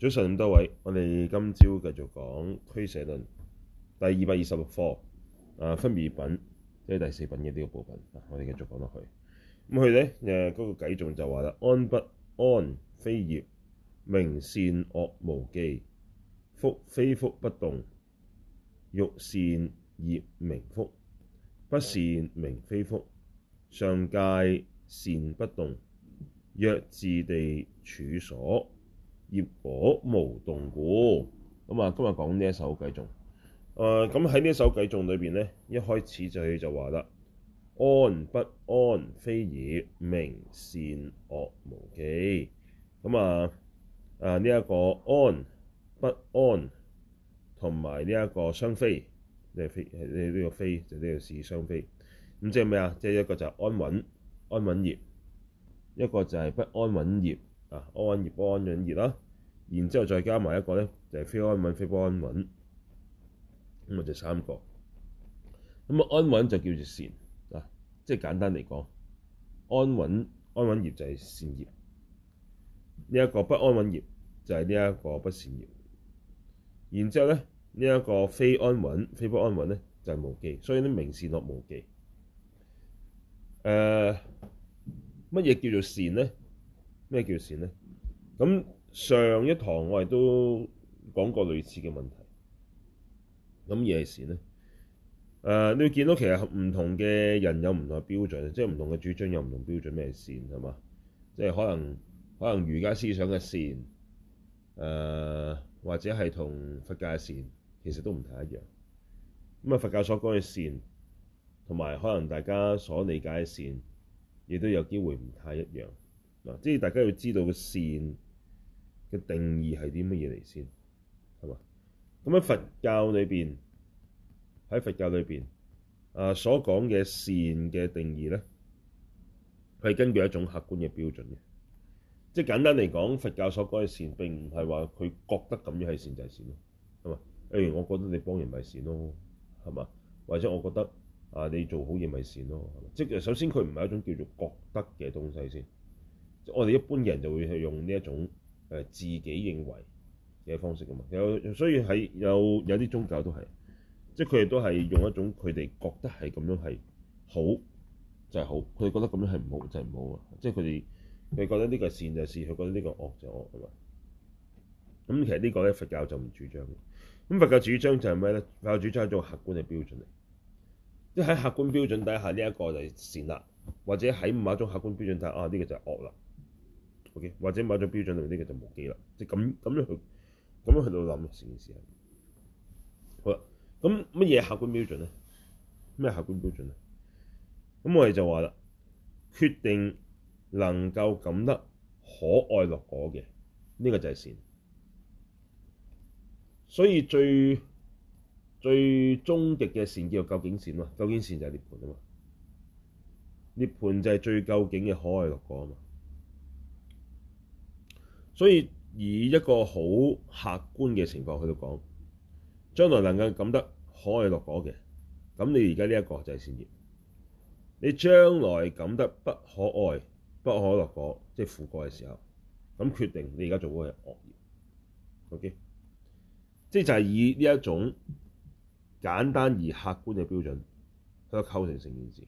早晨，多位，我哋今朝繼續講俱舍論第二百二十六課，誒、啊，分別品即係第四品嘅呢個部分，我哋繼續講落去。咁佢咧，誒、啊，嗰、那個偈仲就話啦：安不安非業，名善惡無記，福非福不動，欲善業名福，不善名非福。上界善不動，約自地處所。業果無動故，咁啊，今日講呢一首偈頌，誒咁喺呢一首偈頌裏邊咧，一開始就就話啦，安不安非業，名善惡無記。咁、嗯、啊啊呢一、這個安不安同埋呢一個雙非」，即係非係呢呢個非」就、這、呢個是雙非」是。咁即係咩啊？即係一個就係安穩安穩業，一個就係不安穩業。啊，安穩業、不安穩業啦，然之後再加埋一個咧，就係非安穩、非不安穩，咁啊就三個。咁啊，安穩就叫做善啊，即係簡單嚟講，安穩安穩業就係善業，呢一個不安穩業就係呢一個不善業。然之後咧，呢一個非安穩、非不安穩咧，就係無記。所以咧，名善惡無記。誒，乜嘢叫做善咧？咩叫善咧？咁上一堂我係都講過類似嘅問題。咁而係善咧？誒、呃，你會見到其實唔同嘅人有唔同嘅標準，即係唔同嘅主張有唔同的標準。咩係善係嘛？即係、就是、可能可能儒家思想嘅善誒、呃，或者係同佛教嘅善，其實都唔太一樣。咁啊，佛教所講嘅善，同埋可能大家所理解嘅善，亦都有機會唔太一樣。即係大家要知道嘅善嘅定義係啲乜嘢嚟先，係嘛？咁喺佛教裏邊，喺佛教裏邊啊，所講嘅善嘅定義咧，係根據一種客觀嘅標準嘅。即係簡單嚟講，佛教所講嘅善並唔係話佢覺得咁樣係善就係善咯，係嘛？例如，哎，我覺得你幫人咪善咯，係嘛？或者我覺得啊，你做好嘢咪善咯，係嘛？即係首先佢唔係一種叫做覺得嘅東西先。我哋一般人就會係用呢一種誒、呃、自己認為嘅方式噶嘛，有所以係有有啲宗教都係，即係佢哋都係用一種佢哋覺得係咁樣係好就係好，佢、就、哋、係、覺得咁樣係唔好就係、係、唔好啊，即係佢哋佢哋覺得呢個係善就善，佢覺得呢個係惡就係惡啊嘛。咁其實呢個呢個咧佛教就唔主張嘅，咁佛教主張就係咩咧？佛教主張係一種客觀嘅標準嚟，即係喺客觀標準底下呢一、呢個就係善啦，或者喺某一種客觀標準底下啊呢、呢個就係惡啦。或者某種標準度呢個就無記啦，即係咁咁樣去咁樣去到諗成件事啊！好啦，咁乜嘢客觀標準咧？咩客觀標準啊？咁我哋就話啦，決定能夠感得可愛樂果嘅呢、這個就係善。所以最最終極嘅善叫做究竟善啊！究竟善就係涅盤啊嘛！涅盤就係最究竟嘅可愛樂果啊嘛！所以以一個好客觀嘅情況去到講，將來能夠感得可愛樂果嘅，咁你而家呢一個就係善業。你將來感得不可愛、不可樂果，即係苦果嘅時候，咁決定你而家做嘅係惡業。OK，即係就係以呢一種簡單而客觀嘅標準去到構成成件事。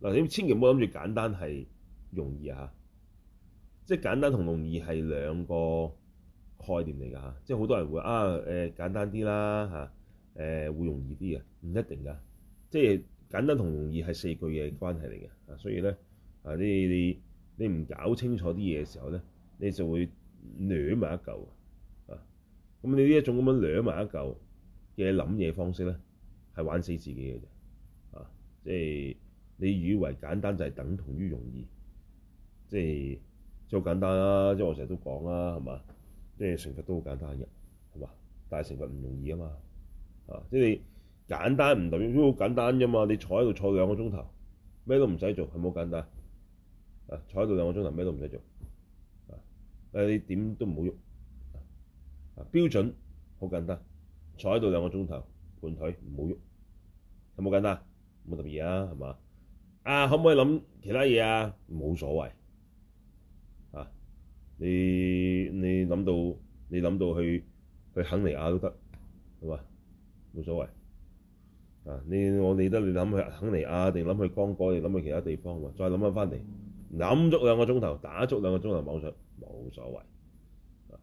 嗱，你千祈唔好諗住簡單係容易呀、啊。即係簡單同容易係兩個概念嚟㗎嚇，即係好多人會啊誒、呃、簡單啲啦嚇誒會容易啲嘅，唔一定㗎。即係簡單同容易係四句嘅關係嚟嘅啊，所以咧啊你你你唔搞清楚啲嘢嘅時候咧，你就會攣埋一嚿啊。咁你呢一種咁樣攣埋一嚿嘅諗嘢方式咧，係玩死自己嘅啫啊！即係你以為簡單就係等同於容易，即係。好簡單啦，即係我成日都講啦，係嘛？即係成佛都好簡單嘅，係嘛？但係成佛唔容易啊嘛，啊！即係你簡單唔代表都好簡單啫嘛。你坐喺度坐兩個鐘頭，咩都唔使做，係冇好簡單啊！坐喺度兩個鐘頭，咩都唔使做啊！你點都唔好喐啊！標準好簡單，坐喺度兩個鐘頭，盤腿唔好喐，係冇好簡單，冇特別啊，係嘛？啊，可唔可以諗其他嘢啊？冇所謂。你你諗到，你諗到去去肯尼亞都得，係嘛？冇所謂啊！你我理得你諗去肯尼亞，定諗去剛果，定諗去其他地方喎，再諗翻翻嚟，諗足兩個鐘頭，打足兩個鐘頭網上冇所謂啊！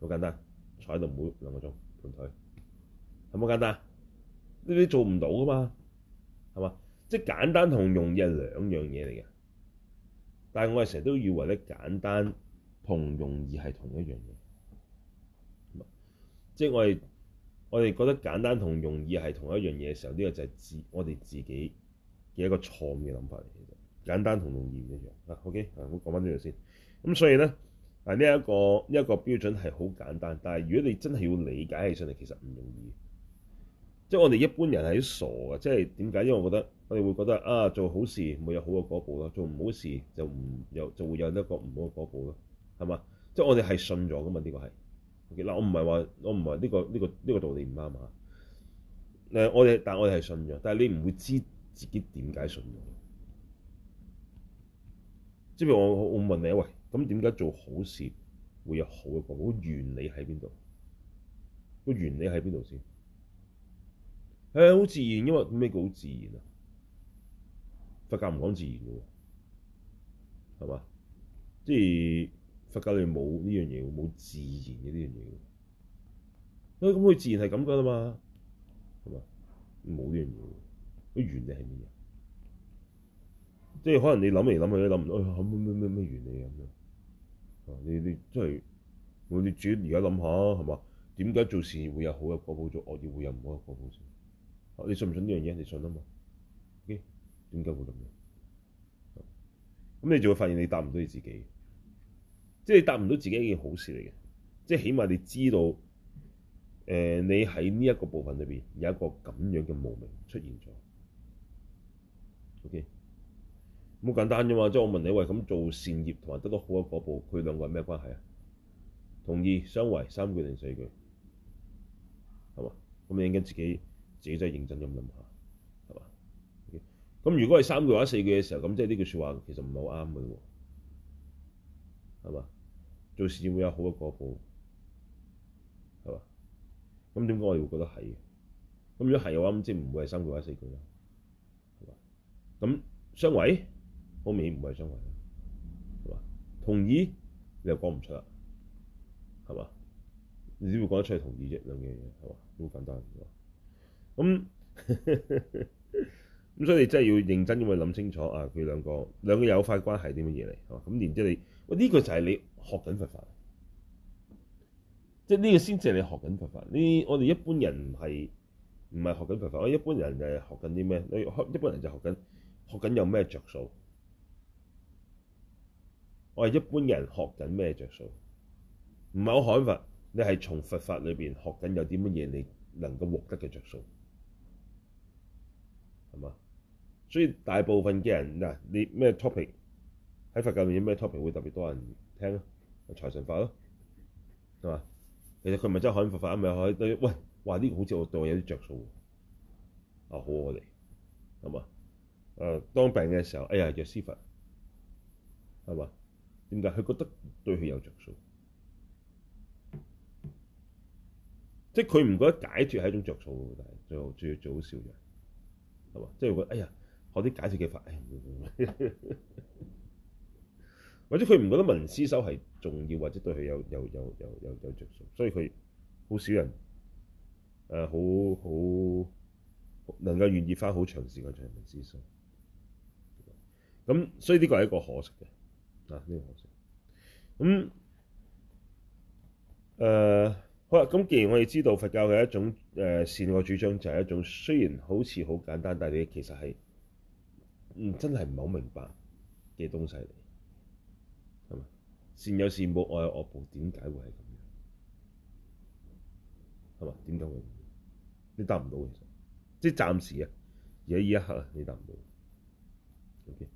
好簡單，坐喺度唔會兩個鐘盤腿，係冇簡單，呢啲做唔到㗎嘛，係嘛？係嘛，即係簡單同容易係兩樣嘢嚟嘅，但係我係成日都以為咧，簡單同容易係同一樣嘢，即係我哋我哋覺得簡單同容易係同一樣嘢嘅時候，呢個就係自我哋自己嘅一個錯誤嘅諗法嚟嘅。簡單同容易唔一樣啊。OK? 啊。OK，我講翻呢樣先。咁所以咧，啊呢一個一個標準係好簡單，但係如果你真係要理解起上嚟，其實唔容易。即係我哋一般人係好傻嘅，即係點解？因為我覺得我哋會覺得啊，做好事會有好嘅果報咯，做唔好事就唔有就會有一個唔好嘅果報咯。係嘛？即係我哋係信咗噶嘛？呢、呢個係 OK，嗱，我唔係話，我唔係話呢個呢、呢個呢、呢個道理唔啱嘛？誒，我哋但係我哋係信咗，但係你唔會知自己點解信咗。即係我我問你喂，咁點解做好事會有好嘅果？個原理喺邊度？個原理喺邊度先？係、欸、好自，自然，因為咩叫好自然啊？佛教唔講自然嘅喎，係嘛？即係。佛教你冇呢樣嘢，冇自然嘅呢樣嘢。哎，咁佢自然係咁噶啦嘛，係嘛？冇呢樣嘢，啲原理係咩嘢？即係可能你諗嚟諗去都諗唔到，嚇乜乜乜原理啊咁樣。你你真係，我哋主而家諗下啊，係嘛？點解做事會有好嘅果報，做，惡業會有唔好事嘅果報先？你信唔信呢樣嘢？你信，信啊嘛？O.K.，點解會咁樣？咁、啊、你就會發現你答唔到你自己。即係你答唔到自己一件好事嚟嘅，即係起碼你知道，呃，你喺呢一個部分裏面有一個咁樣嘅無名出現咗，OK，好簡單啫嘛。即係我問你，喂咁做善業同埋得到好嘅果報，佢兩個係咩關係啊？同意、相違，三句定四句，係嘛？咁你應該自己，自己真係認真咁諗下，係嘛？OK，咁如果係三句或四句嘅時候，咁即係呢句說話其實唔係好啱嘅喎，係嘛？做事會有好嘅果報，係嘛？咁點解我哋會覺得係？咁如果係嘅話，咁即係唔會係三句或者四句啦，係嘛？咁相違，好明顯唔會係相違，係嘛？同意你又講唔出啦，係嘛？你只會講得出係同意啫，兩樣嘢係嘛？好簡單，咁咁 所以你真係要認真咁去諗清楚啊！佢兩個兩個有塊關係啲乜嘢嚟？嚇咁然之後你喂呢、哎呢個就係你。學緊佛法，即係呢個先至係你學緊佛法。呢，我哋一般人係唔係學緊佛法？我一般人就係學緊啲咩？我一般人就學緊學緊有咩着數？我係一般人學緊咩着數？唔係好罕佛，你係從佛法裏邊學緊有啲乜嘢，你能夠獲得嘅着數，係嘛？所以大部分嘅人嗱，你咩 topic 喺佛教入面咩 topic 會特別多人聽啊？財神法咯，係嘛？其實佢唔係真係可以佛法，咪、嗯？可以對喂，話呢、這個好似我對我有啲着數喎。啊，好我哋，係嘛？誒，當病嘅時候，哎呀，藥師佛，係嘛？點解佢覺得對佢有着數？即係佢唔覺得解脫係一種着數喎，但係最後最好笑嘅，係嘛？即係覺得，哎呀，學啲解脫嘅法。哎 或者佢唔覺得文思修係重要，或者對佢有有有有有有著數，所以佢好少人誒好好能夠願意花好長時間做文思修。咁所以呢個係一個可惜嘅，啊呢個可惜。咁、嗯、誒、呃、好啦，咁既然我哋知道佛教嘅一種誒善惡主張，就係一種雖然好似好簡單，但係你其實係嗯真係唔好明白嘅東西嚟。善有善報，惡有惡報，點解會係咁樣？係嘛？點解會咁樣？你答唔到其實，即係暫時啊，而家依一刻你答唔到。O.K.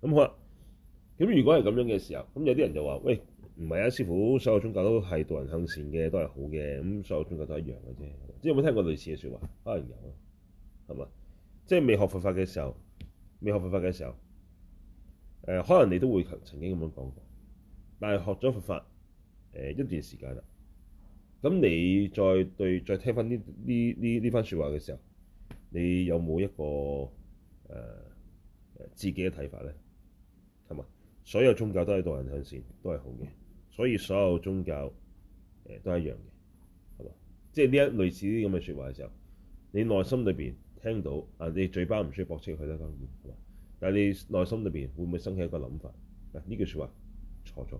咁好啦、啊。咁如果係咁樣嘅時候，咁有啲人就話，喂，唔係啊，師傅，所有宗教都係導人向善嘅，都係好嘅，咁所有宗教都係一樣嘅啫。即係有冇聽過類似嘅説話？可能有啦，係嘛？即係未學佛法嘅時候，未學佛法嘅時候，誒、呃，可能你都會曾經咁樣講過。但係學咗佛法誒一段時間啦，咁你再對再聽翻呢呢呢呢番説話嘅時候，你有冇一個誒誒、呃、自己嘅睇法咧？係嘛，所有宗教都係導人向善，都係好嘅，所以所有宗教誒、呃、都係一樣嘅，係嘛？即係呢一類似啲咁嘅説話嘅時候，你內心裏邊聽到啊，你嘴巴唔需要駁斥佢得㗎，係嘛？但係你內心裏邊會唔會生起一個諗法？嗱，呢句説話。錯咗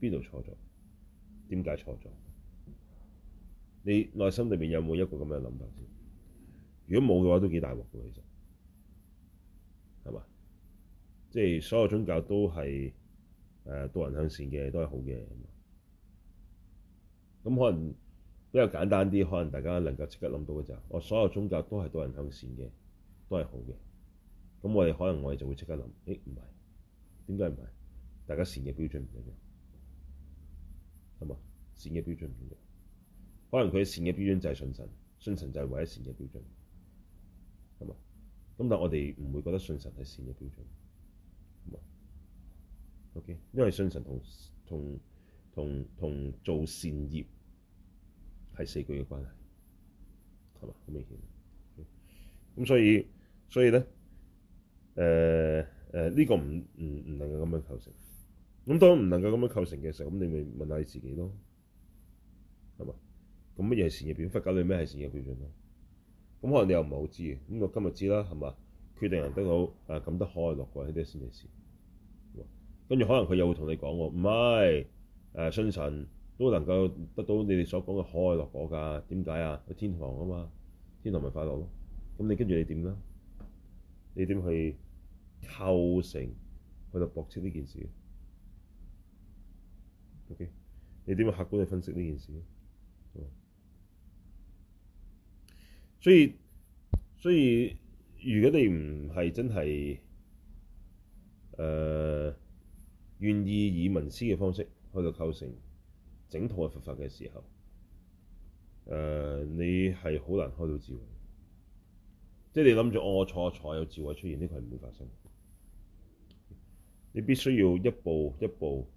邊度？錯咗點解錯咗？你內心裏面有冇一個咁嘅諗法先？如果冇嘅話，都幾大鑊嘅。其實係嘛，即係、就是、所有宗教都係誒，導、呃、人向善嘅都係好嘅。咁可能比較簡單啲，可能大家能夠即刻諗到嘅就係、是：我所有宗教都係導人向善嘅，都係好嘅。咁我哋可能我哋就會即刻諗：誒、欸，唔係，點解唔係？大家善嘅標準唔一樣，係嘛？善嘅標準唔一樣，可能佢善嘅標準就係信神，信神就係唯一善嘅標準，係嘛？咁但係我哋唔會覺得信神係善嘅標準，係嘛？OK，因為信神同同同同做善業係四句嘅關係，係嘛？好明顯的，咁所以所以咧，誒誒呢個唔唔唔能夠咁樣構成。咁當唔能夠咁樣構成嘅時候，咁你咪問下你自己咯，係嘛？咁乜嘢係善嘅標準？佛教定咩係善嘅標準咯？咁可能你又唔係好知，咁我今日知啦，係嘛？決定人得到誒，得可愛樂果呢啲先係善嘅事。跟住可能佢又會同你講喎，唔係誒，信、啊、神都能夠得到你哋所講嘅可愛樂果㗎？點解啊？天堂啊嘛，天堂咪、啊、快樂咯。咁你跟住你點啦？你點去構成去到駁斥呢件事？O.K. 你點樣客觀去分析呢件事、嗯、所以所以，如果你唔係真係誒、呃、願意以聞思嘅方式去到構成整套嘅佛法嘅時候，誒、呃、你係好難開到智慧。即係你諗住哦，我坐啊坐有智慧出現，呢、這個係唔會發生。你必須要一步一步。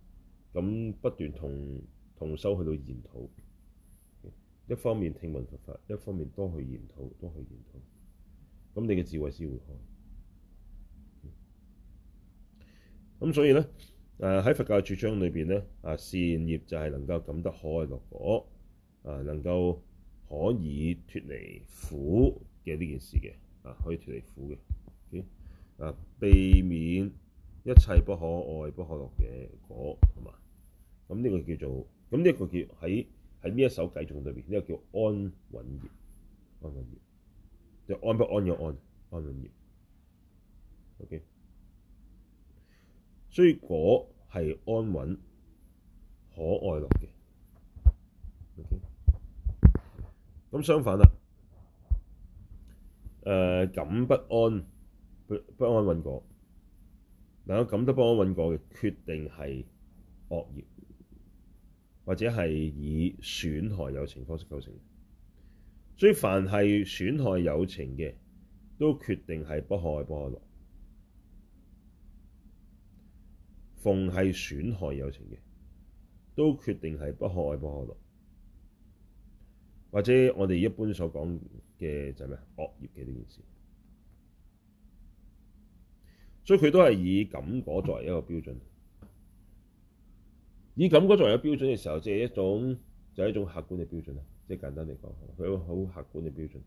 咁不斷同同修去到研討，一方面聽聞佛法，一方面多去研討，多去研討。咁你嘅智慧先會開。咁所以咧，誒喺佛教主張裏邊咧，啊善業就係能夠感得可愛樂果，啊能夠可以脫離苦嘅呢件事嘅，啊可以脫離苦嘅，啊避免一切不可愛、不可樂嘅果，同埋。咁呢個叫做，咁呢個叫喺喺呢一首偈中對面，呢個叫安穩業，安穩業，即係安不安又安，安穩業。O.K.，所以果係安穩，可愛樂嘅。O.K.，咁相反啦，誒，感不安，不不安穩果，兩個咁都不安穩果嘅決定係惡業。或者係以損害有情方式構成，所以凡係損害有情嘅，都決定係不可愛不可樂；逢係損害有情嘅，都決定係不可愛不可樂。或者我哋一般所講嘅就係咩惡業嘅呢件事，所以佢都係以感果作為一個標準。以感覺作為一個標準嘅時候，即係一種，就係一種客觀嘅標準啦。即係簡單嚟講，佢有個好客觀嘅標準，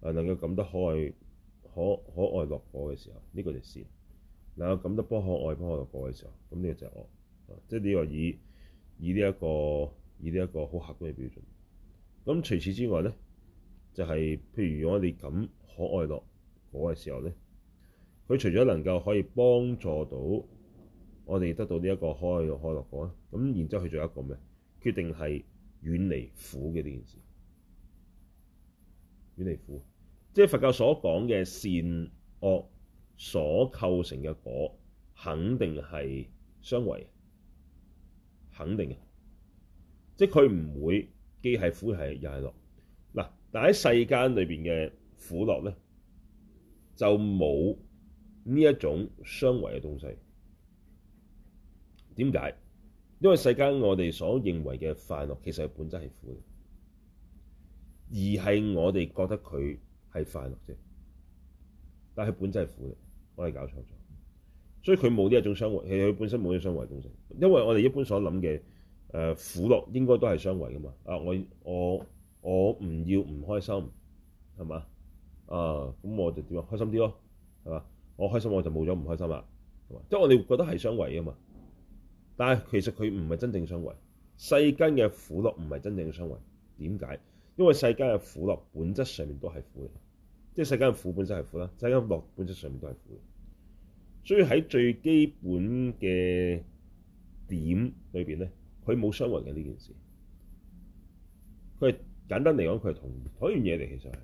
啊能夠感得可愛，可可愛樂果嘅時候，呢個就善；能夠，感得不可愛不可樂果嘅時候，咁呢個就惡。啊，即係呢個以以呢一個以呢一個好客觀嘅標準。咁除此之外咧，就係譬如如果你感可愛樂果嘅時候咧，佢除咗能夠可以幫助到。我哋得到呢一個開嘅開樂果，咁然之後去做一個咩？決定係遠離苦嘅呢件事。遠離苦，即係佛教所講嘅善惡所構成嘅果，肯定係相違，肯定嘅。即係佢唔會既係苦係又係樂。嗱，但喺世間裏邊嘅苦樂咧，就冇呢一種相違嘅東西。點解？因為世間我哋所認為嘅快樂，其實佢本質係苦嘅，而係我哋覺得佢係快樂啫。但係本質係苦嘅，我哋搞錯咗。所以佢冇呢一種相違，係佢本身冇呢種相違共性。因為我哋一般所諗嘅誒苦樂應該都係相違噶嘛。啊，我我我唔要唔開心，係嘛？啊，咁我就點啊？開心啲咯，係嘛？我開心我就冇咗唔開心啦，係嘛？即係我哋覺得係相違啊嘛。但係其實佢唔係真正相違，世間嘅苦樂唔係真正嘅相違。點解？因為世間嘅苦樂本質上面都係苦嘅，即係世間嘅苦本質係苦啦，世間樂本質上面都係苦嘅。所以喺最基本嘅點裏邊咧，佢冇相違嘅呢件事。佢係簡單嚟講，佢係同同一樣嘢嚟，其實係。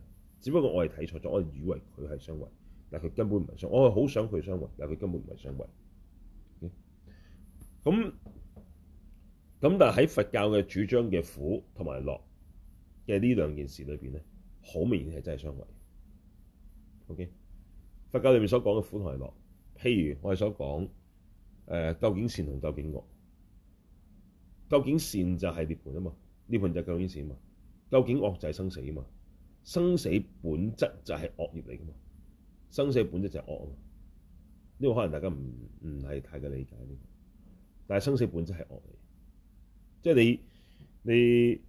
只不過我係睇錯咗，我以為佢係相違，但係佢根本唔係相。我係好想佢相違，但係佢根本唔係相違。咁咁，但係喺佛教嘅主張嘅苦同埋樂嘅呢兩件事裏邊咧，好明顯係真係相違。OK，佛教裏面所講嘅苦同埋樂，譬如我哋所講誒究竟善同究竟惡？究竟善就係涅盤啊嘛，涅盤就係究竟善啊嘛。究竟惡就係生死啊嘛，生死本質就係惡業嚟啊嘛，生死本質就係惡啊嘛。呢個可能大家唔唔係太嘅理解呢？但係生死本質係惡嚟，即係你你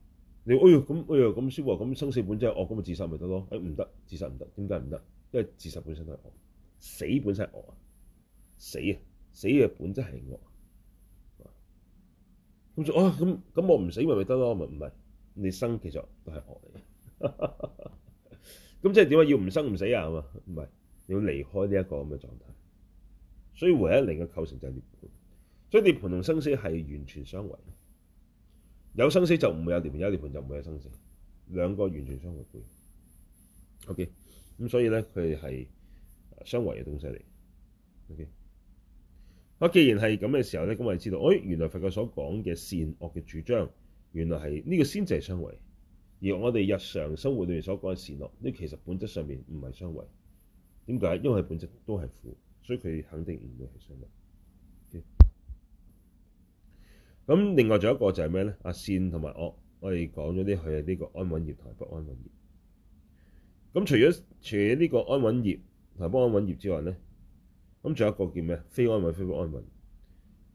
你，哎呦咁，哎呦咁舒服咁，生死本質係惡，咁咪自殺咪得咯？誒唔得，自殺唔得，點解唔得？因為自殺本身都係惡，死本身係惡啊，死啊，死嘅本質係惡啊。咁就，啊，咁咁我唔死咪咪得咯？咪唔係，你生其實都係惡嚟。咁 即係點解要唔生唔死啊？係嘛？唔係你要離開呢一個咁嘅狀態，所以唯一零嘅構成就係所以，涅槃同生死係完全相違。有生死就唔會有涅槃，有涅槃就唔會有生死。兩個完全相違背。O K，咁所以咧，佢係相違嘅東西嚟。O K，好，既然係咁嘅時候咧，咁我哋知道，誒、哎，原來佛教所講嘅善惡嘅主張，原來係呢個先至係相違。而我哋日常生活裏面所講嘅善惡，呢其實本質上面唔係相違。點解？因為佢本質都係苦，所以佢肯定唔會係相違。咁另外仲有一個就係咩咧？阿善同埋惡，我哋講咗啲佢係呢個安穩業同不安穩業。咁除咗除咗呢個安穩業同不安穩業之外咧，咁仲有一個叫咩啊？非安穩非不安穩，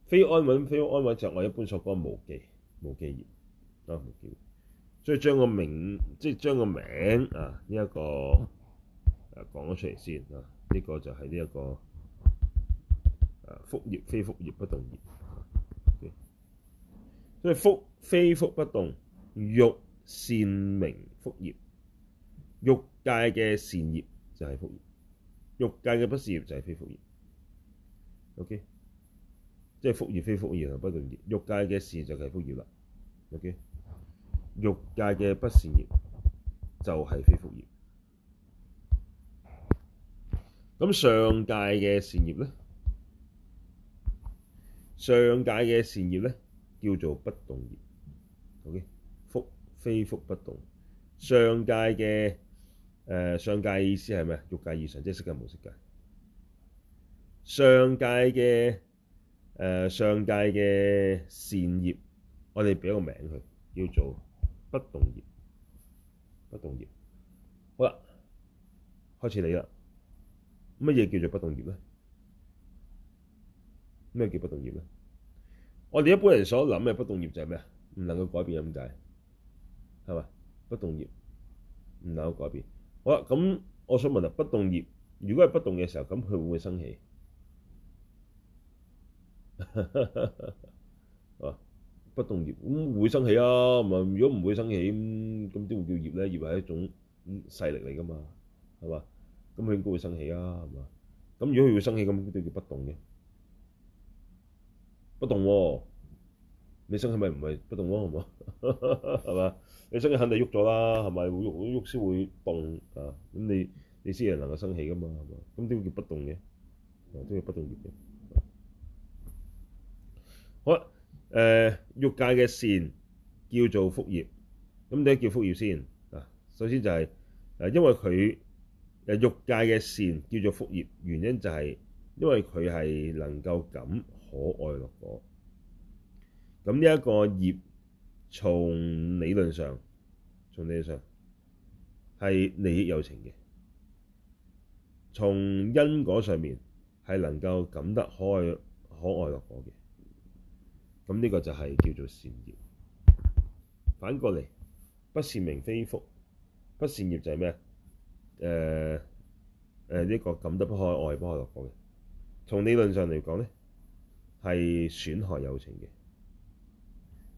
非安穩非安穩就我一般所講無記無記業啊無記業。所以將個名即係將個名啊呢一個誒講咗出嚟先啊，呢、這個啊啊呢個就係呢一個誒、啊、福業非福業不動業。即係福非福不動，欲善名福業，欲界嘅善業就係福業，欲界嘅不善業就係非福業。OK，即係福業非福業係不動業，欲界嘅善業就係福業啦。OK，欲界嘅不善業就係非福業。咁上界嘅善業咧，上界嘅善業咧。叫做不動業，OK，「福非福不動。上界嘅誒、呃，上界意思係咩啊？欲界以上即係色界無色界。上界嘅誒、呃，上界嘅善業，我哋俾個名佢，叫做不動業。不動業，好啦，開始你啦。乜嘢叫做不動業咧？咩叫不動業咧？我哋一般人所諗嘅不動業就係咩啊？唔能夠改變咁解，係嘛？不動業唔能夠改變。好啦，咁我想問啊，不動業如果係不動嘅時候，咁佢會唔會生氣？哦，不動業咁會生氣啊？唔係如果唔會生氣咁，咁點會叫業咧？業係一種勢力嚟噶嘛，係嘛？咁佢應該會生氣啊？係嘛？咁如果佢會生氣，咁佢都叫不動嘅？不動喎，你升起咪唔係不動咯？係嘛？係嘛？你生起肯定喐咗啦，係咪會喐？喐先會動啊！咁你你先係能夠生起噶嘛？係嘛？咁點會叫不動嘅？啊，都要不動業嘅。好誒，欲、呃、界嘅善叫做福業，咁點解叫福業先啊？首先就係、是、誒，因為佢誒欲界嘅善叫做福業，原因就係因為佢係能夠感。可愛樂果，咁呢一個業，從倫理上，從倫理上係利益有情嘅，從因果上面係能夠感得可愛可愛樂果嘅，咁呢個就係叫做善業。反過嚟，不善名非福，不善業就係咩啊？誒、呃、誒，呢、呃，這個感得不可愛不可樂果嘅，從倫理上嚟講咧。係損害有情嘅，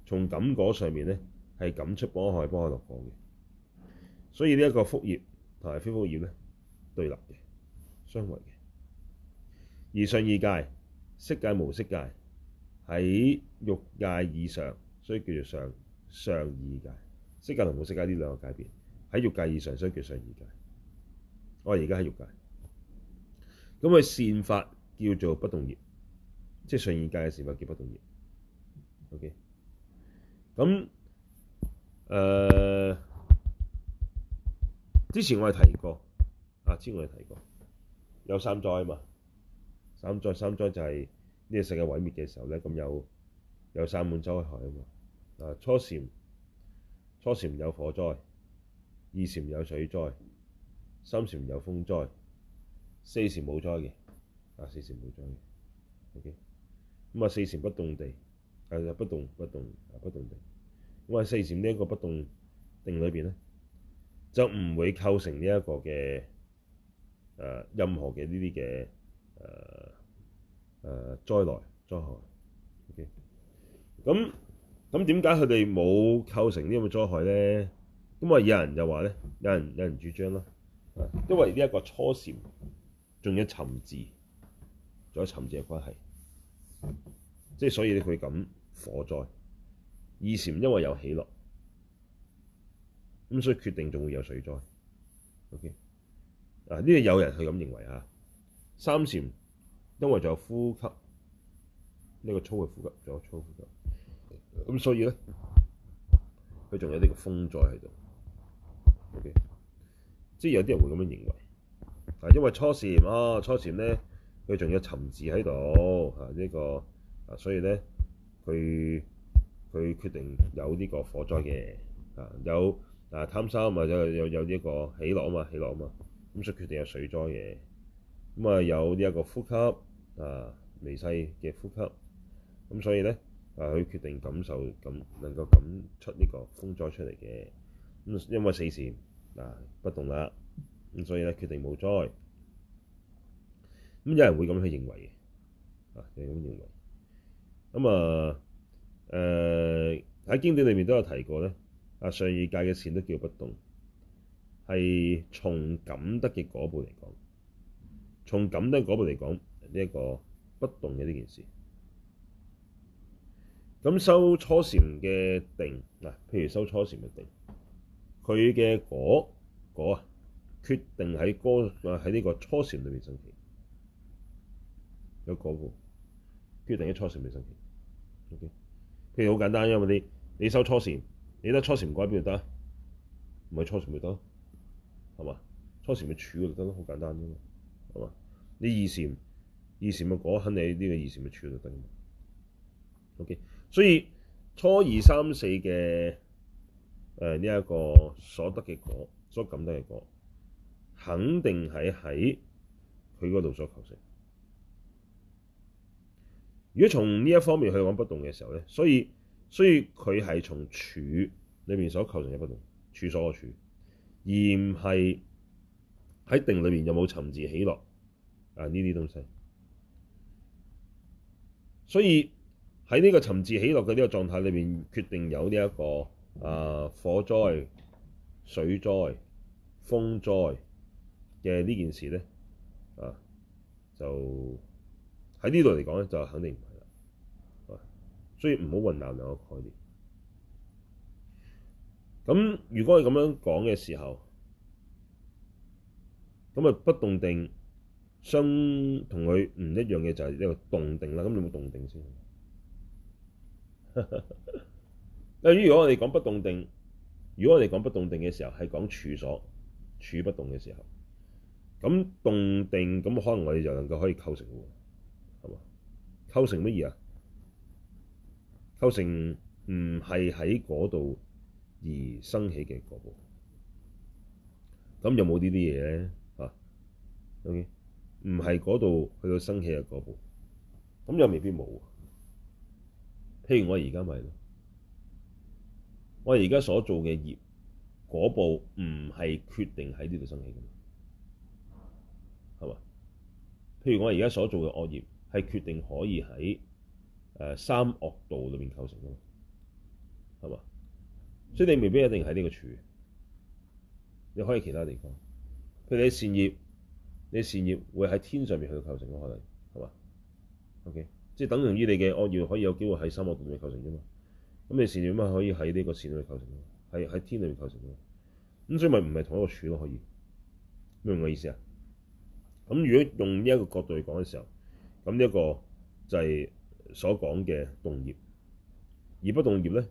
從感果上面咧係感出波害波落果嘅。所以呢一個福業同埋非福業咧對立嘅，相違嘅。而上二界，色界無色界喺欲界以上，所以叫做上上二界，色界同無色界呢兩個界別喺欲界以上，所以叫上二界。我而家喺欲界，咁、那、佢、個、善法叫做不動業。即係上二界嘅善業叫不動業。OK，咁誒、呃、之前我哋提過，阿、啊、之前我哋提過，有三災啊嘛。三災三災就係呢個世界毀滅嘅時候咧，咁有有三滿災害啊嘛，啊初禪初禪有火災，二禪有水災，三禪有風災，四禪冇災嘅，啊四禪冇災嘅。OK。咁啊，四禪不動地係就，不動不動不動地。咁喺四禪呢一個不動定裏邊咧，就唔會構成呢一個嘅誒任何嘅呢啲嘅誒誒災來災害。O.K. 咁咁點解佢哋冇構成呢個災害咧？咁啊，有人就話咧，有人有人主張啦，因為呢一個初禪仲有尋伺仲有尋伺嘅關係。即係所以咧，佢咁火災，二禪因為有喜樂，咁所以決定仲會有水災。O K，啊呢啲有人係咁認為啊。三禪因為仲有呼吸呢個粗嘅呼吸，仲有粗呼吸。咁所以咧，佢仲有呢個風災喺度。O K，即係有啲人會咁樣認為，啊，因為初禪啊，初禪咧。佢仲有尋伺喺度啊！呢、這個啊，所以咧，佢佢決定有呢個火災嘅啊，有啊，尋伺或者有有呢個喜樂啊嘛，喜樂啊嘛，咁、啊、所以決定有水災嘅。咁啊，有呢一個呼吸啊，微細嘅呼吸。咁、啊、所以咧，啊佢決定感受咁能夠感出呢個風災出嚟嘅。咁、啊、因為四禪嗱、啊、不動啦，咁、啊、所以咧決定冇災。咁有人會咁去認為嘅，啊咁咁認為啊，喺、啊、經典裏面都有提過咧。阿、啊、上二界嘅善都叫不動，係從感得嘅嗰部嚟講，從感得嗰部嚟講呢一、呢個、啊呢個、不動嘅呢件事。咁修初禪嘅定嗱、啊，譬如修初禪嘅定，佢嘅果果啊，決定喺嗰喺呢個初禪裏面升有個戶，跟住等咗初禪未生？OK，譬如好簡單，因為啲你收初禪，你得初禪唔改邊度得唔係初禪咪得，係嘛？初禪咪處就得咯，好簡單啫嘛，係嘛？你二禪，二禪咪果肯定呢個二禪咪處嗰度得嘛。OK，所以初二三四嘅誒呢一個所得嘅果，所感得嘅果，肯定係喺佢嗰度所求成。如果從呢一方面去講不動嘅時候咧，所以所以佢係從處裏面所構成嘅不動，處所嘅處，而唔係喺定裏面有冇尋伺喜樂，啊呢啲東西。所以喺呢個尋伺喜樂嘅呢個狀態裏面，決定有呢、這、一個啊火災、水災、風災嘅呢件事咧啊，就喺呢度嚟講咧就肯定。所以唔好混淆兩個概念。咁如果係咁樣講嘅時候，咁啊不動定，相同佢唔一樣嘅就係一個動定啦。咁你有冇動定先？ 例如，如果我哋講不動定，如果我哋講不動定嘅時候係講處所處不動嘅時候，咁動定咁可能我哋就能夠可以構成喎，係嘛？構成乜嘢啊？構成唔係喺嗰度而生起嘅嗰部，咁有冇呢啲嘢咧？啊，OK，唔係嗰度去到生起嘅嗰部，咁又未必冇、啊就是。譬如我而家咪，我而家所做嘅業，嗰部唔係決定喺呢度生起嘅，係嘛？譬如我而家所做嘅惡業，係決定可以喺。誒、呃、三惡道裏面構成噶嘛，係嘛？所以你未必一定喺呢個處，你可以在其他地方，譬如你善業，你善業會喺天上邊去構成咯，可能係嘛？OK，即係等同於你嘅惡業可以有機會喺三惡道裏面構成啫嘛。咁你善業咪可以喺呢個善裏面構成咯，喺喺天裏面構成咯。咁所以咪唔係同一個處咯，可以明唔明我意思啊？咁如果用呢一個角度嚟講嘅時候，咁呢一個就係、是。所講嘅動業，而不動業咧，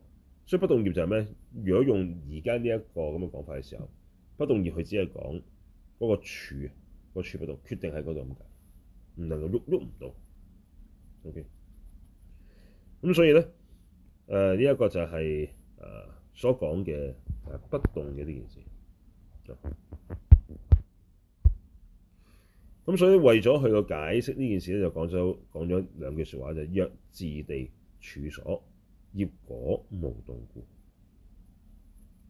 所以不動業就係咩？如果用而家呢一個咁嘅講法嘅時候，不動業佢只係講嗰個柱啊，個柱唔到，決定喺嗰度咁解，唔能夠喐喐唔到。OK，咁所以咧，誒呢一個就係、是、誒、呃、所講嘅誒不動嘅呢件事。咁所以為咗佢個解釋呢件事咧，就講咗講咗兩句說話，就約自地處所，業果無動故。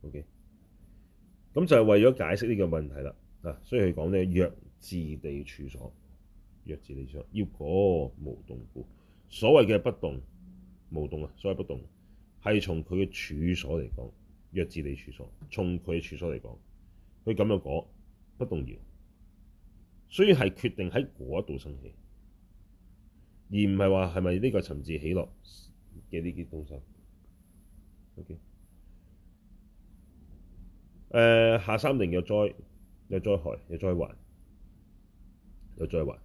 OK，咁就係為咗解釋呢個問題啦。啊，所以佢講咧，約自地處所，約自地處所，業果無動故。所謂嘅不動，無動啊，所謂不動係從佢嘅處所嚟講，約自地處所，從佢嘅處所嚟講，佢咁樣講不動搖。所以係決定喺嗰度生氣而唔係話係咪呢個尋伺喜樂嘅呢啲東西？O K，下三定有災有災害有災患有災患，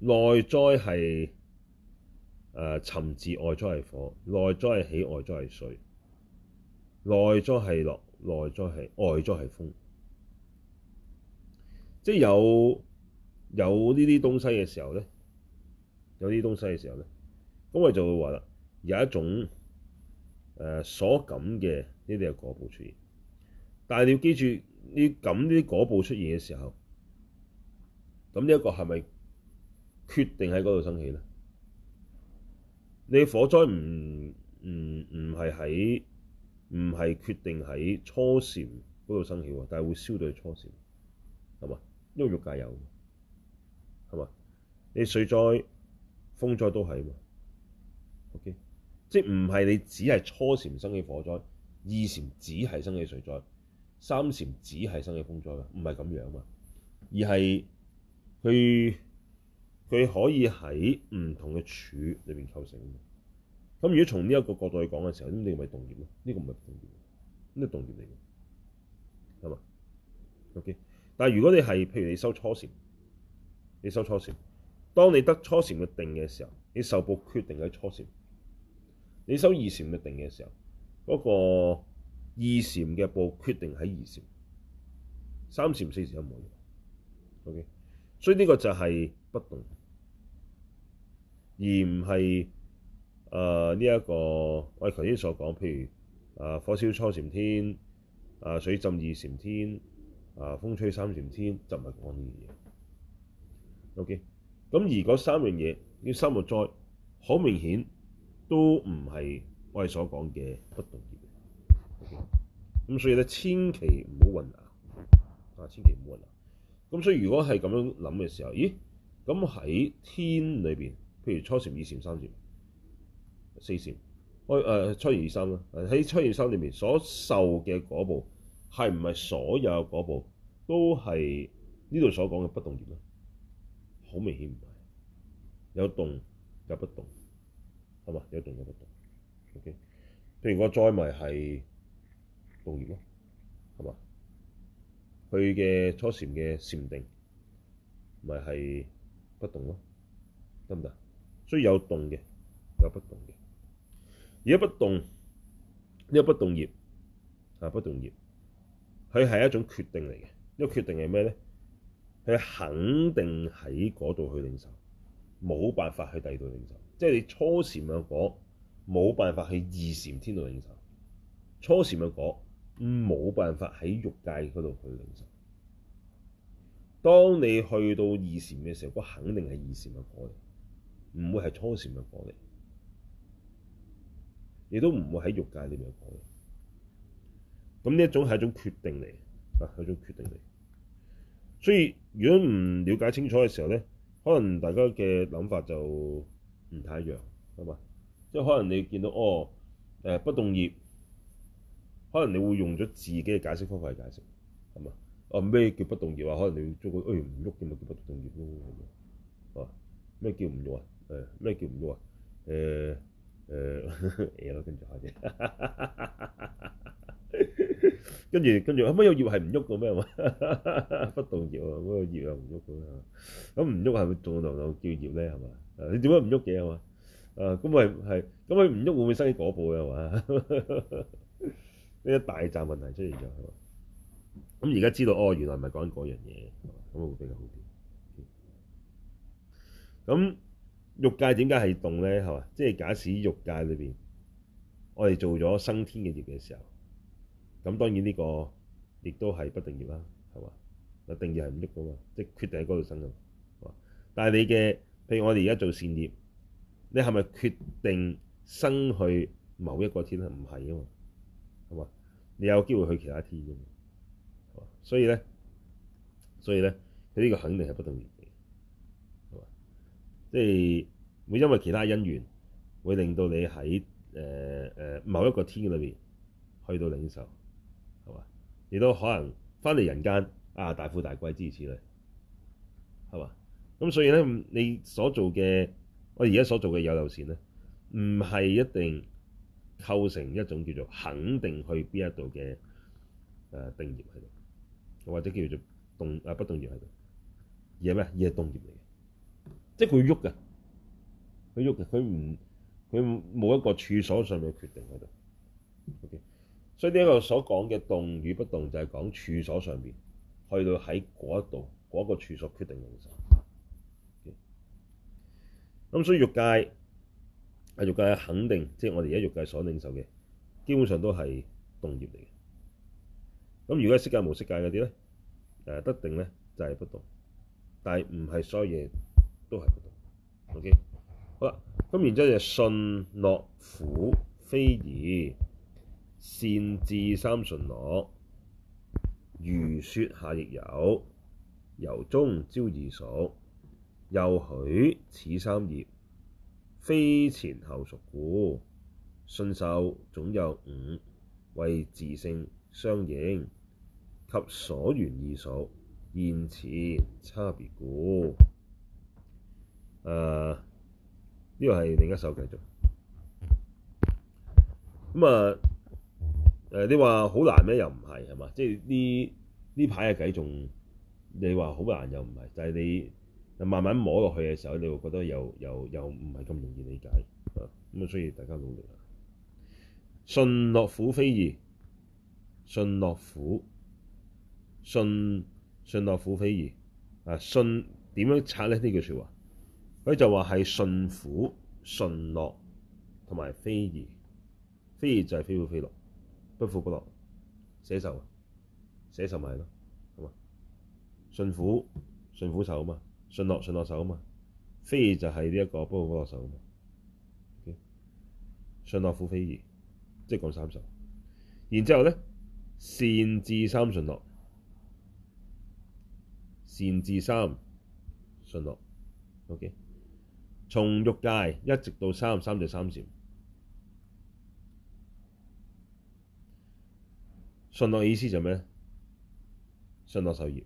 內災係誒、呃、尋伺外災係火，內災係喜，外災係水，內災係樂內災係外災係風，即係有。有呢啲東西嘅時候咧，有啲東西嘅時候咧，咁我就會話啦，有一種誒、呃、所感嘅呢啲係果報出現，但係你要記住呢，感呢啲果報出現嘅時候，咁呢一個係咪決定喺嗰度生起咧？你的火災唔唔唔係喺唔係決定喺初禪嗰度生起喎，但係會燒到去初禪係嘛？因為、這個、欲界有。你水災、風災都係嘛？OK，即係唔係你只係初禪生起火災，二禪只係生起水災，三禪只係生起風災，唔係咁樣嘛？而係佢佢可以喺唔同嘅柱裏邊構成咁。如果從呢一個角度去講嘅時候，咁你咪動業咯？呢、這個唔係動業，呢個動業嚟嘅係嘛？O K，但係如果你係譬如你收初禪，你收初禪。當你得初禪嘅定嘅時候，你受報決定喺初禪；你修二禪嘅定嘅時候，嗰個二禪嘅報決定喺二禪；三禪四禪就冇。OK，所以呢個就係不動，而唔係誒呢一個，我哋頭先所講，譬如誒、呃、火燒初禪天，誒、呃、水浸二禪天，誒、呃、風吹三禪天，就唔係講呢啲嘢。OK。咁而嗰三樣嘢，呢三個災，好明顯都唔係我哋所講嘅不動業咁、OK? 所以咧，千祈唔好混淆，啊，千祈唔好混淆。咁所以如果係咁樣諗嘅時候，咦？咁喺天裏邊，譬如初禪、二禪、三禪、四禪，開、啊、誒初二三啦，喺初二三裏面所受嘅果報，係唔係所有果報都係呢度所講嘅不動業咧？好明顯唔係，有動有不動，係嘛？有動有不動。O.K.，譬如個災咪係動業咯，係嘛？佢嘅初禪嘅禪定，咪係不動咯，得唔得？所以有動嘅，有不動嘅。而家不動，呢個不動業，啊不動業，佢係一種決定嚟嘅。呢個決定係咩咧？佢肯定喺嗰度去領受，冇辦法去第二度領受。即係你初禪嘅果，冇辦法去二禪天度領受。初禪嘅果冇辦法喺欲界嗰度去領受。當你去到二禪嘅時候，果肯定係二禪嘅果嚟，唔會係初禪嘅果嚟。亦都唔會喺欲界裏面嘅果嚟。咁呢一種係一種決定嚟，嗱，係一種決定嚟。啊。所以如果唔了解清楚嘅時候咧，可能大家嘅諗法就唔太一樣，係嘛？即係可能你見到哦，誒，不動業，可能你會用咗自己嘅解釋方法去解釋，係嘛？哦、啊，咩叫不動業啊？可能你會做個唔喐嘅，咪、欸、叫不動業咯？咩叫唔喐啊？誒、嗯，咩叫唔喐啊？呃、嗯，呃、嗯，嘢啦，跟住下嘅。跟住跟住，後屘個業係唔喐嘅咩？係嘛，不動業喎、啊。嗰個業又唔喐嘅咩？咁唔喐係咪仲度度叫業咧？係嘛？你點解唔喐嘅？係嘛？啊咁咪係咁？佢唔喐會唔會生起果報嘅？係嘛？呢 一大扎問題出現咗，係嘛？咁而家知道哦，原來唔係講緊嗰樣嘢，咁會比較好啲。咁欲界點解係動咧？係嘛？即係假使欲界裏邊，我哋做咗生天嘅業嘅時候。咁當然呢個亦都係不定業啦，係嘛？定業係唔喐噶嘛，即係決定喺嗰度生噶嘛。但係你嘅譬如我哋而家做善業，你係咪決定生去某一個天？唔係啊嘛，係嘛？你有機會去其他天噶嘛？所以咧，所以咧，佢呢個肯定係不定業嘅，係嘛？即係會因為其他因緣會令到你喺誒誒某一個天嘅裏邊去到領受。亦都可能翻嚟人間啊！大富大貴之此類，係嘛？咁所以咧，你所做嘅、我而家所做嘅有漏善咧，唔係一定構成一種叫做肯定去邊一度嘅誒定業喺度，或者叫做動誒不動業喺度。而係咩？而係動業嚟嘅，即係佢喐嘅，佢喐嘅，佢唔佢冇一個處所上面嘅決定喺度。O.K. 所以呢一個所講嘅動與不動，就係、是、講處所上邊，去到喺嗰度嗰一個處所決定領受。咁、okay? 所以欲界係玉界的肯定，即、就、係、是、我哋而家欲界所領受嘅，基本上都係動業嚟嘅。咁如果係色界無色界嗰啲咧，誒得定咧就係不動，但係唔係所有嘢都係不動。O.K. 好啦，咁然之後就順樂苦非二。善至三順樂，餘說下亦有，由中招異熟，又許此三業，非前後熟故，順受總有五，謂自性相應及所緣異熟，現前差別故。誒、啊，呢個係另一首，繼續。咁啊！誒，你話好難咩？又唔係係嘛？即係呢呢排嘅偈頌，你話好難又唔係，就係你慢慢摸落去嘅時候，你會覺得又又又唔係咁容易理解啊！咁所以大家努力啦。順樂苦非二，順樂苦，順順樂苦非二啊！順點樣拆咧？呢句說話，佢就話係順苦、順樂同埋非二，非二就係非苦非樂。不富不落，捨受，捨受咪咯，係嘛？順苦，順苦受嘛；順樂，順樂受嘛。非就係呢一個不苦不樂受啊嘛。順樂苦非二，即係講三受。然之後咧，善至三順樂，善至三順樂。OK，從欲界一直到三十三定三禪。順樂意思就咩？順樂受業，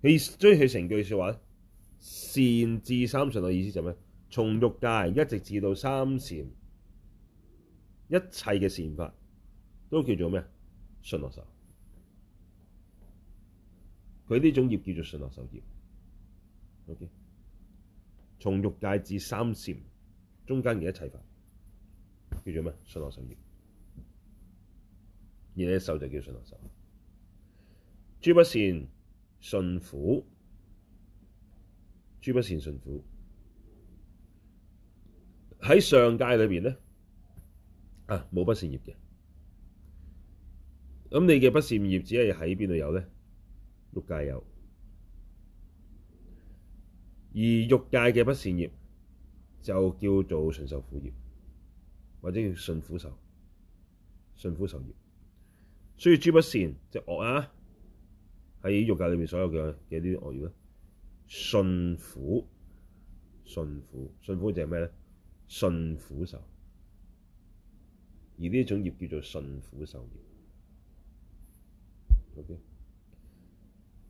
你追佢成句說話，善至三順樂意思就咩？從欲界一直至到三禪，一切嘅善法都叫做咩啊？順樂受，佢呢種業叫做順樂受業。O.K.，從欲界至三禪中間嘅一切法，叫做咩？順樂受業。而呢啲受就叫順樂受，諸不善順苦，諸不善順苦。喺上界裏邊呢，啊冇不善業嘅，咁你嘅不善業只係喺邊度有呢？欲界有，而欲界嘅不善業就叫做順受苦業，或者叫順苦受、順苦受業。所以諸不善即惡啊！喺欲界裏面所有嘅嘅啲惡業咧，順苦、順苦、順苦就係咩咧？順苦受。而呢一種業叫做順苦受業。嗰邊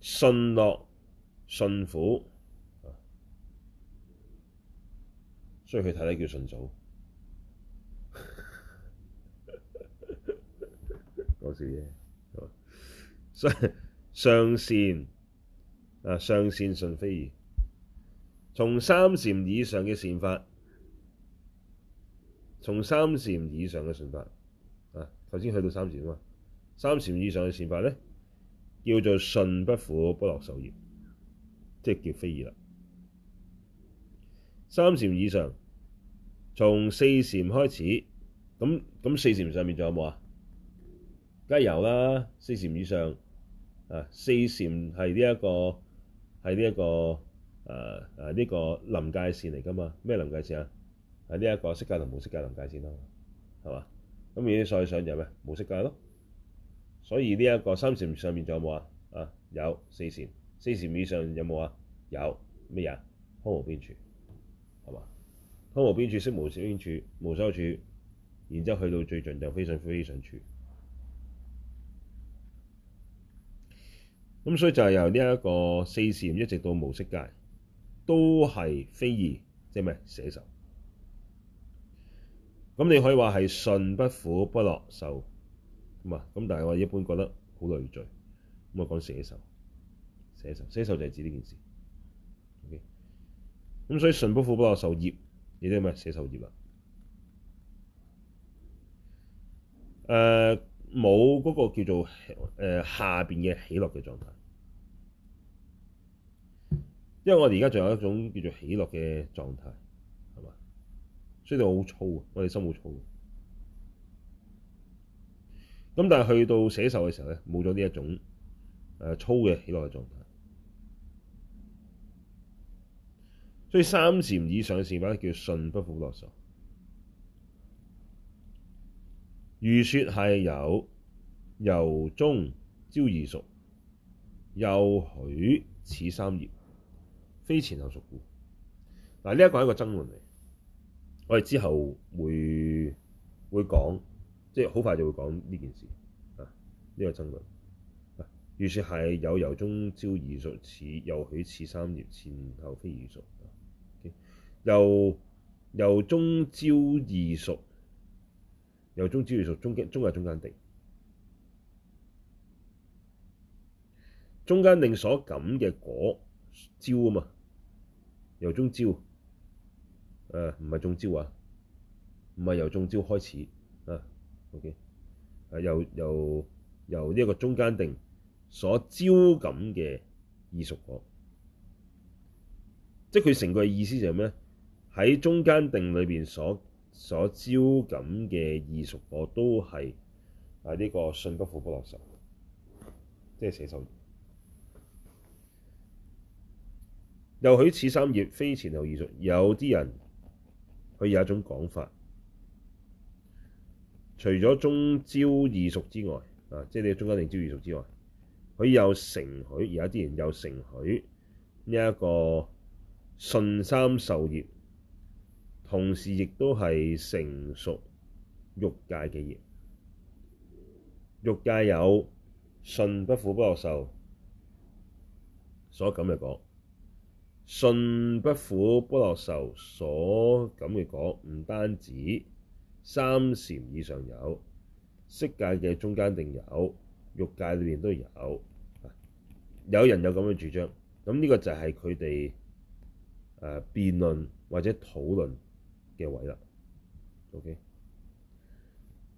順樂、順苦，所以佢睇咧叫順組，少嘢， 上善啊，上善順非二。從三禪以上嘅善法，從三禪以上嘅善法，啊，頭先去到三禪啊嘛。三禪以上嘅善法咧，叫做順不苦不樂受業，即係叫非二啦。三禪以上，從四禪開始，咁咁四禪上面仲有冇啊？加油啦，四禪以上啊，四禪係呢一個係呢一個誒誒呢個臨界線嚟㗎嘛？咩臨界線啊？係呢一個色界同無色界臨界線咯，係嘛？咁而再上就咩無色界咯。所以呢一個三禪上面仲有冇啊？啊有四禪，四禪以上有冇啊？有咩嘢？空無邊處係嘛？空無邊處、識無邊處、無所有處，然之後去到最盡就非想非非想處。咁所以就係由呢一個四禪一直到無色界，都係非二，即係咩？捨受。咁你可以話係順不苦不樂受，咁啊，咁但係我一般覺得好累贅，咁我講捨受，捨受，捨受就係指呢件事。咁、okay? 所以順不苦不樂受業，你啲咩？捨受業啦。誒、呃，冇嗰個叫做誒下邊嘅喜樂嘅狀態。因為我哋而家仲有一種叫做喜樂嘅狀態，係嘛？所以你好粗，我哋心好粗。咁但係去到捨受嘅時候咧，冇咗呢一種誒、呃、粗嘅喜樂嘅狀態。所以三禪以上嘅善法叫順不苦不樂受。餘說下亦有，由中招異熟，又許此三業。非前後熟故，嗱，呢一個係一個爭論嚟，我哋之後會會講，即係好快就會講呢件事呢、呢個爭論。餘說下亦有由中招異熟始，又許此三業前後非異熟，熟，由中招異熟，由中招異熟中間中間定，中間定所感嘅果招啊嘛～由中招，誒唔係中招啊，唔係、啊、由中招開始啊，OK，誒、啊、由由由呢一個中間定所招感咁嘅異熟果。即係佢成個意思就係咩，喺中間定裏邊所所招感咁嘅異熟果都係喺呢個順不苦不樂受，即係捨受又許此三業，非前後異熟。有啲人佢有一種講法，除咗中招異熟之外，啊，即係你中間定招異熟之外，佢有承許，而有啲人又承許呢一個順三受業同時亦都係成熟欲界嘅業，欲界有順不苦不樂受，所咁嘅講。順不苦不樂受所咁嘅講唔單止三禪以上有，色界嘅中間定有，欲界裏邊都有。有人有咁嘅主張，咁呢個就係佢哋誒辯論或者討論嘅位啦。OK，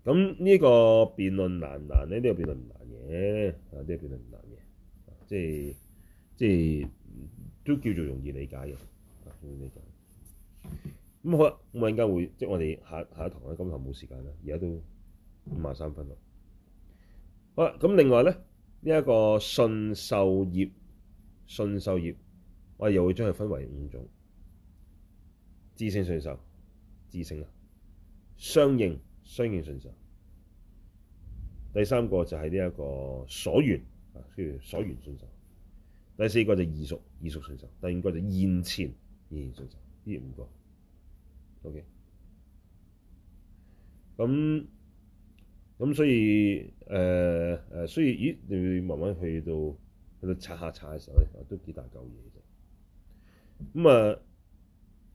咁呢個辯論難唔難咧？呢、這個辯論唔難嘅，啊、這、呢個辯論唔難嘅，即係即係。都叫做容易理解嘅，容易理解。咁好啦，我陣間會即係我哋下一下一堂啦。今堂冇時間啦，而家都五廿三分啦。好啦，咁另外咧，呢、這、一個順受業，順受業，我哋又會將佢分為五種：自性順受、自性啊、相應相應順受。第三個就係呢一個所緣啊，譬如所緣順受。第四個就異熟異熟順受，第五個就現前現前順受。呢五個 OK 咁咁、嗯嗯，所以誒誒、呃，所以咦，你慢慢去到去到拆下拆嘅時候咧，都幾大嚿嘢啫。咁啊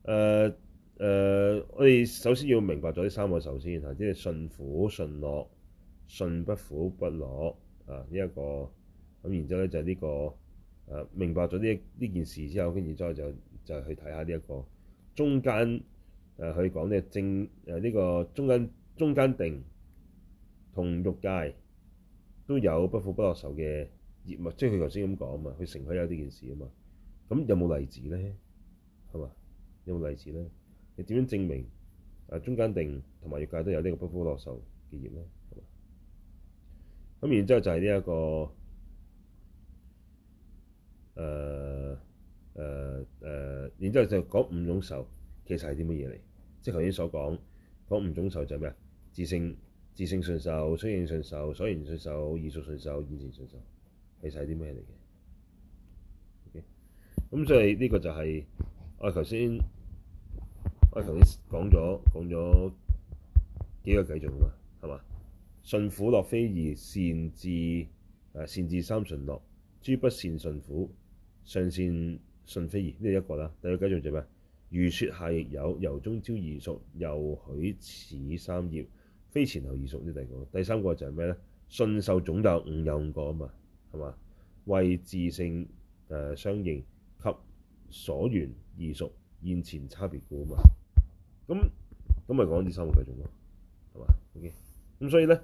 誒誒，我哋首先要明白咗呢三個受先，即係順苦順樂順不苦不樂啊。呢、這、一個咁、嗯，然之後咧就呢、是這個。誒、啊、明白咗呢呢件事之後，跟住再就就去睇下呢一個中間誒，可以講咧正誒呢、啊這個中間中間定同欲界都有不苦不樂受嘅業物，即係佢頭先咁講啊嘛，佢承許有呢件事啊嘛，咁有冇例子咧？係嘛？有冇例子咧？你點樣證明誒中間定同埋欲界都有呢個不苦不樂受嘅業咧？咁然之後就係呢一個。誒誒誒，然之後就講五種受，其實係啲乜嘢嚟？即頭先所講，講五種受就咩啊？自性自性順受，相應順受，所緣順受，異熟順受，現前順受，其實係啲咩嚟嘅？咁所以呢個就係我頭先我頭先講咗講咗幾個偈頌啊，係嘛？順苦樂非二，善至誒善至三順樂，諸不善順苦。上善順非二呢一個啦，第二個偈頌就咩？餘說下亦有，由中招異熟，又許此三業非前後異熟呢？第二個，第三個就係咩咧？順受總有五有五個啊嘛，係嘛？謂自性相應及所緣異熟現前差別故啊嘛。咁咁咪講呢三個偈頌咯，係嘛？OK。咁所以咧喺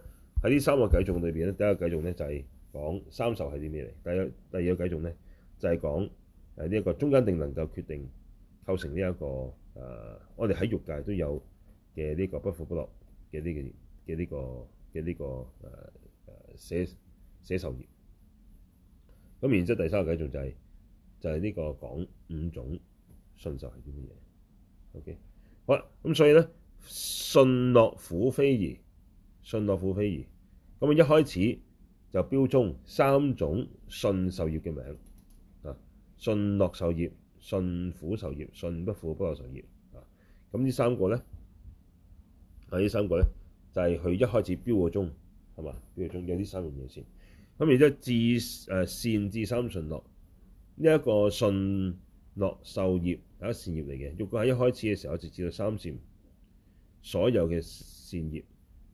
呢在這三個偈頌裏面咧，第一個偈頌咧就係講三受係啲咩嚟？第二第二個偈頌咧。就係講誒呢一個中間定能夠決定構成呢、這、一個誒、呃，我哋喺欲界都有嘅呢個不苦不樂嘅呢、這個嘅呢、這個嘅呢、這個誒誒、呃、順順受業。咁然之後，第三個繼續就係、是、就係、是、呢個講五種順受係啲乜嘢？OK 好啦，咁所以咧順樂苦非二，順樂苦非二。咁啊，一開始就標中三種順受業嘅名。順樂受業，順苦受業，順不苦不樂受業，啊，咁呢三個咧，係呢三個咧，就係、是、佢一開始標個鐘係嘛？標個鐘有啲三樣嘢先，咁然之後至誒善至三順樂呢一，這個順樂受業係一善業嚟嘅，如果喺一開始嘅時候直至到三禪，所有嘅善業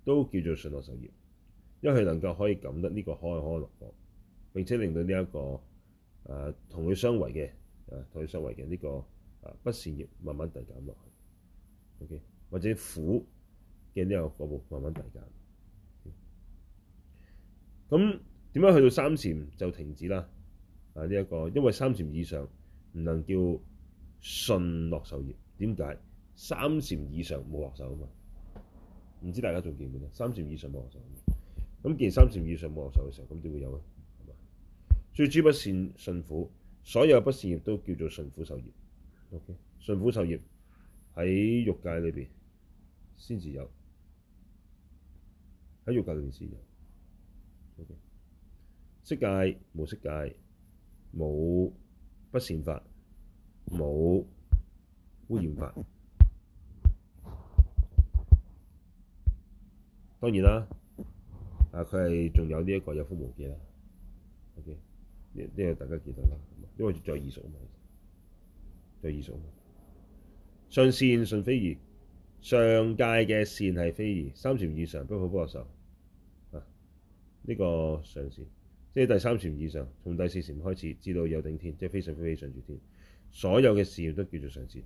都叫做順樂受業，因為佢能夠可以感得呢個開開樂樂，並且令到呢一個。誒同佢相違嘅，誒同佢相違嘅呢、這個啊不善業慢慢遞減落去，OK，或者苦嘅呢一個果報慢慢遞減。咁點解去到三禪就停止啦？啊呢一、這個，因為三禪以上唔能叫順樂受業，點解？三禪以上冇樂受啊嘛？唔知大家仲見唔見啊？三禪以上冇樂受，咁既然三禪以上冇樂受嘅時候，咁點會有咧？最諸不善順苦，所有不善業都叫做順苦受業。O.K. 順苦受業喺欲界裏邊先至有，喺欲界裏邊先有。OK? 色界無色界冇不善法，冇污染法。當然啦，啊佢係仲有呢、這個、一個有福無記啦。呢個大家記得啦，因為仲有異熟嘛，仲有異熟嘛。上善順非二，上界嘅善係非二，三禪以上，不苦不樂受。啊，呢、這個上善，即係第三禪以上，從第四禪開始，至到有頂天，即係非想非非想天。所有嘅事業都叫做上善，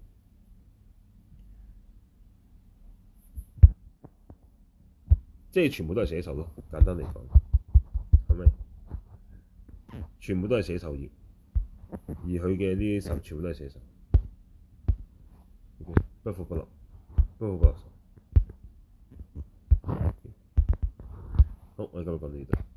即係全部都係捨受咯，簡單嚟講。全部都係捨受業，而佢嘅呢啲受全部都係捨受，不苦不樂，不苦不樂。Okay. 好，我哋講到呢度。